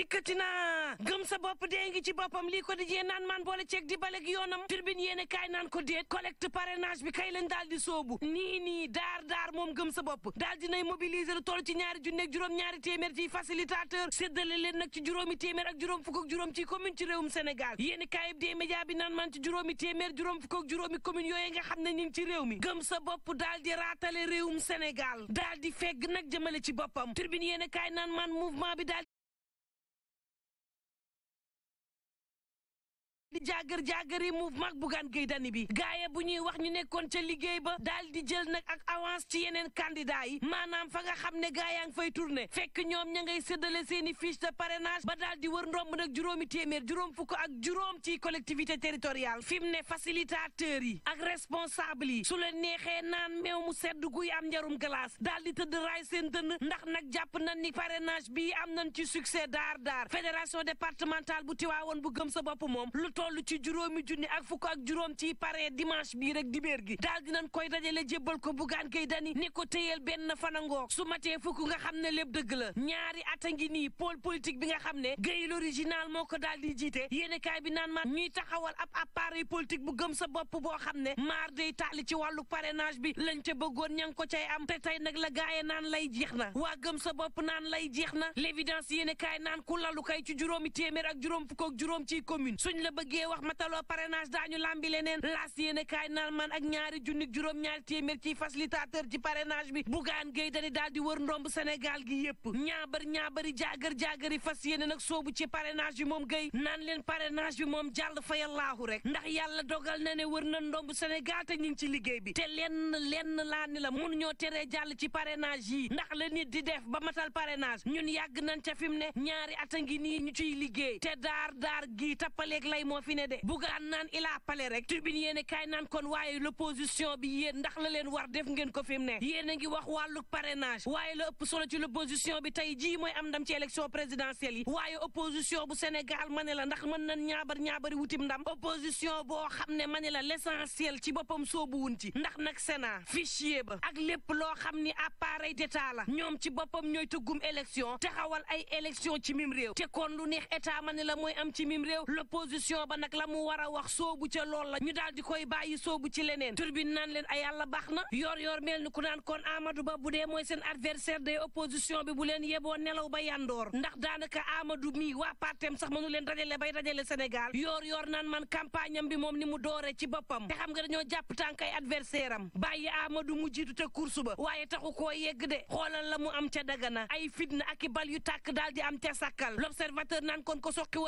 dikkati naa gëm sa bopp dee ngi ci boppam lii ko dijee naan maan boole ceeg di balek yoonam turbine yéene kaay naan ko déet collecte parrainage bi kay lañ daal di soobu nii nii daar daar moom gëm sa bopp daal dinay mobiliser lu toll ci ñaari junneeg juróom ñaari téeméer ci facilitateur séddale leen nag ci juróomi téeméer ak juróom fukk ak juróom ci commune ci réewum Sénégal yéene kaay bi dee média bi naan maan ci juróomi téeméer juróom fukk ak juróomi commune yooyu nga xam ne ñu ngi ci réew mi di raatale nag jëmale ci boppam turbine yéene kaay naan maan mouvement bi di jàggar jàggar yi mouvement Bougane Gueye Dany bi gaaye bu ñuy wax ñu nekkoon ca liggéey ba daal di jël nag ak avance ci yeneen candidat yi maanaam fa nga xam ne gaayaa ngi fay tourné fekk ñoom ña ngay séddale seeni i fiche de ba daal di wër ndomb nag juróomi téeméer juróom fukk ak juróom ci collectivité territoriale fi mu ne facilitateur yi ak responsable yi su la neexee naan meew mu sedd guy am njarum glace daal di tëdd raay seen dënn ndax nag jàpp nañ ni parrainage bi am nañ ci succès daar daar fédération départementale bu Tiwaawoon bu gëm sa bopp moom toll ci juróomi junni ak fukk ak juróom ci pare dimanche bii rek dibéer gi daal dinañ koy dajale jébbal ko bugaan kay dani ni ko téyel benn fanangook su matee fukk nga xam ne lépp dëgg la ñaari at a ngi nii pôle politique bi nga xam ne Gueye l'original moo ko daal di jiite yéenekaay bi naan maan ñuy taxawal ab appareil politique bu gëm sa bopp boo xam ne maar day taali ci wàllu parrainage bi lañ ca bëggoon ña ngi ko cay am te tey nag la gaaye naan lay jeex na waa gëm sa bopp naan lay jeex na l'évidence yéenekaay naan ku lalu kay ci juróomi téeméer ak juróom fukk ak juróom ci commune suñ la bëgg bëggee wax mataloo parrainage daañu lambi leneen laas yéene kaay naan man ak ñaari junni juróom-ñaari téeméer ci facilitateur ci parrainage bi Bougane Gueye Dany daal di wër ndomb Sénégal gi yépp ñaabar ñaabari jaagar jaagari fas yéene nag soobu ci parrainage bi moom Gueye naan leen parrainage bi moom jàll fa yallaahu rek ndax yàlla dogal na ne wër na ndomb Sénégal te ñu ngi ci liggéey bi te leen lenn laa ni la mënuñoo teree jàll ci parenage yi ndax la nit di def ba matal parrainage ñun yàgg nañ ca fi mu ne ñaari at a ngi nii ñu ciy liggéey te daar daar gi tappaleeg lay moo fi ne de bugaan naan ilaa pale rek tribune yéen kaay naan kon waaye l'opposition bi yéen ndax la leen war def ngeen ko fi yéen a ngi wax wàllu parrainage waaye la ëpp solo ci l'opposition bi tey jii mooy am ndam ci élection présidentielle yi waaye opposition bu Sénégal mane la ndax mën nañ ñaabar ñaabari wutim ndam opposition boo xam ne ma ne la lessanciel ci boppam soobu wun ci ndax nag Sénat fichier ba ak lépp loo xam ni appareil d'état la ñoom ci boppam ñooy tëggum élection taxawal ay élection ci mim réew te kon lu neex état ma ne la mooy am ci mim réew l'opposition booba nag la mu war a wax soobu ca lool la ñu daal di koy bàyyi soobu ci leneen tur bi naan leen ay yàlla baax na yor yor mel ni ku naan kon Amadou Ba bu dee mooy seen adversaire des opposition bi bu leen yeboo nelaw ba yandoor ndax daanaka Amadou mi waa partem sax mënu leen dajale bay dajale Sénégal yor yor naan man campagne bi moom ni mu doore ci boppam te xam nga dañoo jàpp tànk ay adversaire am bàyyi Amadou mu jiitu te course ba waaye taxu la mu am ca i bal yu tàkk daal di am ca sàkkal l'observateur naan kon ko soqi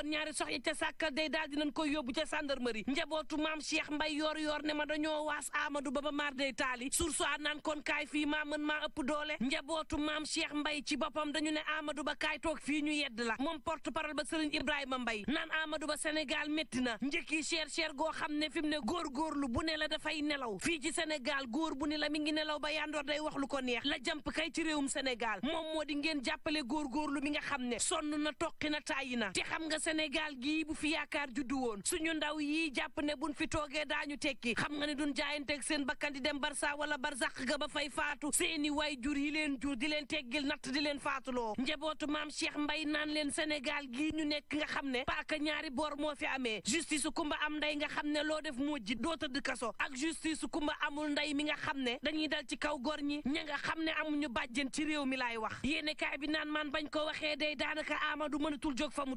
dañ koy yóbbu ca gendarmerie njabootu maam Cheikh Mbay yor yor ne ma dañoo waas Amadou Ba ba maar day taali sursoir naan kon kaay fii maa mën maa ëpp doole njabootu Mbay ci boppam dañu ne Amadou Ba kaay toog fii ñu yedd la moom porte parole ba Sëriñ Ibrahima Mbay naan Amadou Ba Sénégal métti na njëkki cher cher goo xam ne fi mu ne góorgóorlu bu ne la dafay nelaw fii ci senegal góor bu ne la mi ngi nelaw ba yandoor day wax lu ko neex la jàmp kay ci réewum Sénégal moom moo di ngeen jàppale góorlu mi nga xam ne sonn na toqi tàyyi na te xam nga Sénégal gii bu fi yaakaar juddu woon suñu ndaw yii jàpp ne buñ fi toogee daañu tekki xam nga ne duñ jaayanteeg seen bakkan di dem barsa wala barzaq ga ba fay faatu seeni way jur yi leen jur di leen teggil natt di leen faatuloo njabootu maam Cheikh Mbay naan leen Sénégal gi ñu nekk nga xam ne paaka ñaari boor moo fi amee justice kumba am nday nga xam ne loo def moo ji doo tëdd kaso ak justice kumba amul nday mi nga xam ne dañuy dal ci kaw góor ñi ña nga xam ne amuñu bàjjen ci réew mi la wax yéene kaay bi naan man ko waxee day daanaka Amadou mënatul jóg fa mu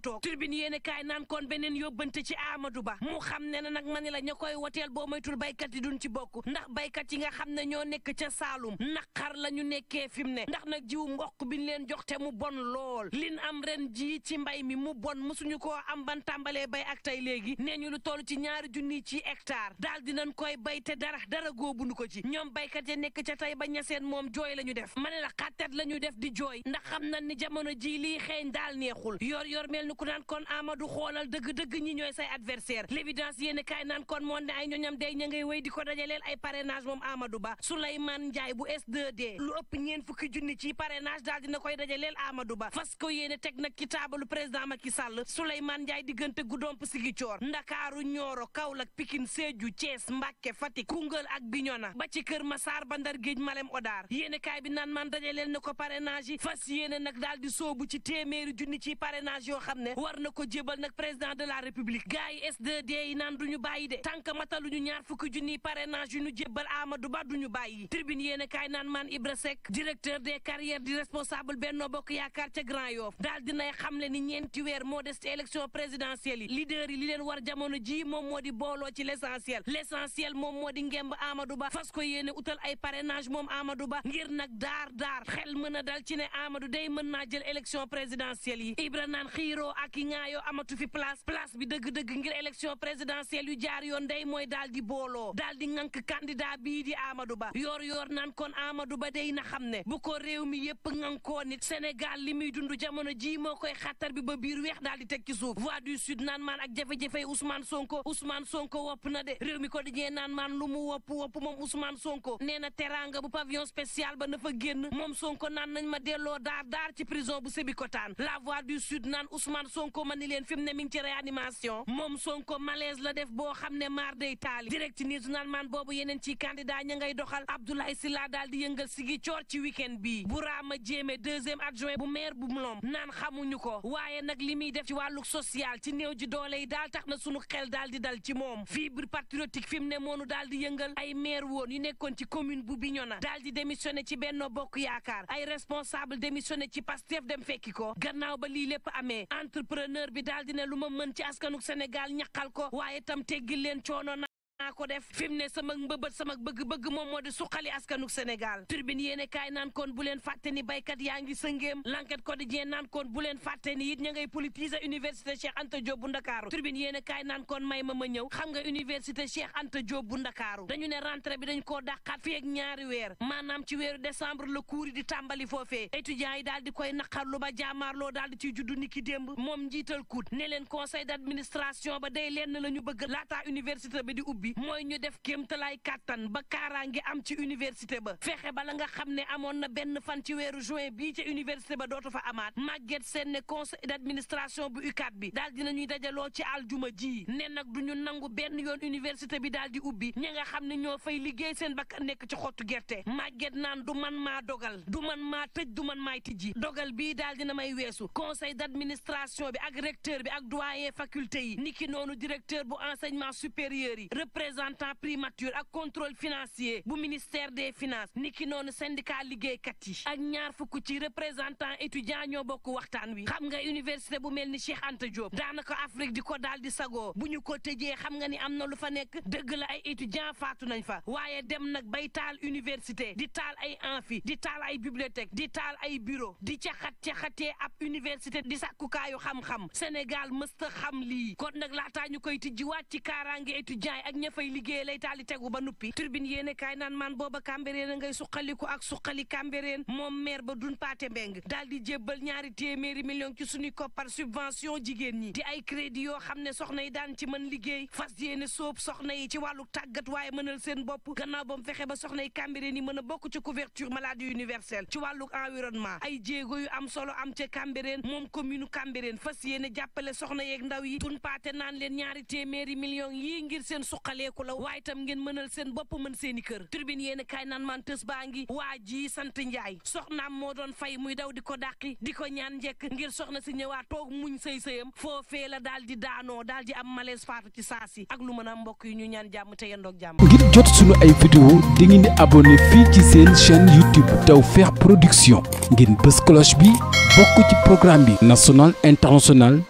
ci Amadou Ba mu xam ne na nag ma ni la ñu koy woteel boo moytul baykat yi duñ ci bokk ndax baykat yi nga xam ne ñoo nekk ca Saalum naqar la ñu nekkee fi mu ne ndax nag jiw mboq biñ leen jox te mu bon lool lin am ren jii ci mbay mi mu bon mësuñu ko am ban tàmbalee bay ak tey léegi nee ñu lu toll ci ñaari junni ci hectare daal dinañ koy bay te dara dara góobuñu ko ci ñoom baykat ya nekk ca tey ba ñaseen moom jooy la ñu def ma ne la xàttat la ñu def di jooy ndax xam nañ ni jamono ji lii xeeñ neexul yor yor mel ku naan kon dëgg-dëgg ñi ñooy say adversaire l'évidence yéen kaay naan kon moon ne ay ñoñam day ña ngay wéy di ko dajaleel ay parrainage moom amadu Ba Souleymane Ndiaye bu S2D lu ëpp ñeen fukki junni ci parrainage daal dina koy dajaleel amadu Ba fas ko yéene teg nag ci taabalu président Macky Sall Souleymane Ndiaye diggante Goudomp Ziguinchor Ndakaaru Nioro Kaolack Pikine Sédhiou Thiès Mbacké Fatick Koungheul ak Bignona ba ci Kër masaar ba Ndar Géej Malem Odar yéene kaay bi naan man dajaleel na ko parrainage yi fas yéene nag daal di ci téeméeri junni ci parrainage yoo xam ne war na ko jébal nag président de la république gars yi s 2 yi naan du ñu bàyyi de tànk mataluñu ñaar fukki junniy parrainage yu ñu jébbal Amadou Ba du ñu bàyyi tribune yéen a kaay naan maan Ibra Seck directeur des carrières di responsable Benno Bokk Yaakaar ca Grand Yoff daal dinay xamle ni ñeenti weer moo des ci élection présidentielle yi leader yi li leen war jamono ji moom moo di booloo ci l'essentiel l'essentiel moom moo di ngemb Amadou Ba fas yéene utal ay parrainage moom Amadou Ba ngir nag daar daar xel mën a dal ci ne Amadou day mën naa jël élection présidentielle yi Ibra naan xiiroo ak i dëgg ngir élection présidentielle yu jaar yoon day mooy daal di booloo daal di ŋànk candidat bii di Amadou Ba yoor yoor nan kon Amadou Ba day na xam ne bu ko réew mi yépp ŋànkoo nit Sénégal li muy dund jamono ji moo koy xattar bi ba biir weex daal di teg ci suuf voix du sud naan maan ak jafe-jafey Ousmane Sonko Ousmane Sonko wopp na de réew mi ko diñee naan maan lu mu wopp wopp moom Ousmane Sonko nee na teranga bu pavillon spécial ba na fa génn moom Sonko naan nañ ma delloo daar daar ci prison bu Sébikotane la voix du sud naan Ousmane Sonko ni leen fi mu ne mi ngi ci réanimation moom Sonko malaise la def boo xam ne maar day taali direct ni su naan maan boobu yeneen ci candidat ña ngay doxal Abdoulaye Sylla daal di yëngal sigi coor ci week-end bii a Jéeme deuxième adjoint bu maire bu moom naan xamuñu ko waaye nag li muy def ci wàllu social ci néew ji doole yi daal tax na sunu xel daal di dal ci moom fibre patriotique fi mu ne moonu daal di yëngal ay maire woon yu nekkoon ci commune bu Bignona daal di démissionné ci Benno Bokk Yaakaar ay responsable démissionné ci Pastef dem fekki ko gannaaw ba lii lépp amee entrepreneur bi daal di lu ma mën ci askanuk Sénégal ñaqal ko waaye tam teggil leen coono dinaa ko def fi mu ne sama mbëbët sama bëgg-bëgg moom moo di suqali askanuk Sénégal turbine yéene kaay naan kon bu leen fàtte ni béykat yaa ngi sëngéem l'enquête quotidien naan kon bu leen fàtte ni it ña ngay politiser université Cheikh Anta Diop bu Ndakaaru turbine yéene kaay naan kon may ma ma ñëw xam nga université Cheikh Anta Diop bu Ndakaaru dañu ne rentrée bi dañ koo dàqaat fi ak ñaari weer maanaam ci weer décembre la cours yi di tàmbali foofee étudiants yi daal di koy naqarlu ba jaamaarloo daal di ciy juddu ni ki démb moom njiital kuut ne leen conseil d'administration ba day lenn la ñu bëgg laataa université bi di ubbi mooy ñu def kéemtalaay kàttan ba kaaraange am ci université ba fexe bala nga xam ne amoon na benn fan ci weeru juin bii ca université ba dootu fa amaat màgget seen ne conseil d'administration bu UCAD bi daal dina ñuy dajaloo ci aljuma ji ne nag du ñu nangu benn yoon université bi daal di ubbi ñi nga xam ne ñoo fay liggéey seen bakkan nekk ci xottu gerte màgget naan du man maa dogal du man maa tëj du man maay tijji dogal bii daal na may weesu conseil d'administration bi ak recteur bi ak doyen faculté yi niki noonu directeur bu enseignement supérieur yi représentant primature ak contrôle financier bu ministère des finances niki noonu liggéey liggéeykat yi ak ñaar fukk ci représentant étudiant ñoo bokk waxtaan wi xam nga université bu mel ni Cheikh Anta Diop daanaka Afrique di ko daal di sagoo bu ñu ko tëjee xam nga ni am na lu fa nekk dëgg la ay étudiant faatu nañ fa waaye dem nag bay taal université di taal ay amphi di taal ay bibliothèque di taal ay bureau di ca caxatee ab université di sàkkukaayu xam-xam Sénégal mësta xam lii kon nag laataa ñu koy tijjiwaat fay liggéey lay taali tegu ba nuppi turbine yéene kaay naan maan booba Cambérène ngay suqaliku ak suqali Cambérène moom maire ba dun paate mbeng jébbal ñaari téeméeri ñi di ay crédit yoo xam ne soxna yi daan ci mën liggéey fas yéene sóob soxna yi ci wàllu tàggat waaye mënal seen bopp gannaaw ba mu fexe ba soxna yi Cambérène yi mën a bokk ci couverture maladie universelle ci wàllu environnement ay jéego yu am solo am ca Cambérène moom commune Cambérène fas yéene jàppale soxna yeeg ndaw yi dun million yi ngir seen suqali noppaleeku la waaye itam ngeen mënal seen bopp mën seeni kër tirbin yéen kaay naan man baa ngi waa ji sant njaay soxnaam moo doon fay muy daw di ko dàqi di ko ñaan njekk ngir soxna si ñëwaat toog muñ sëy sëyam foofee la daal di daanoo daal di am malaise faatu ci saasi ak lu mën a mbokk yi ñu ñaan jàmm te yendoog jàmm ngir jot sunu ay vidéo di ngeen di abonné fii ci seen chaîne YouTube Tawfekh Production ngeen bës cloche bi bokk ci programme bi national international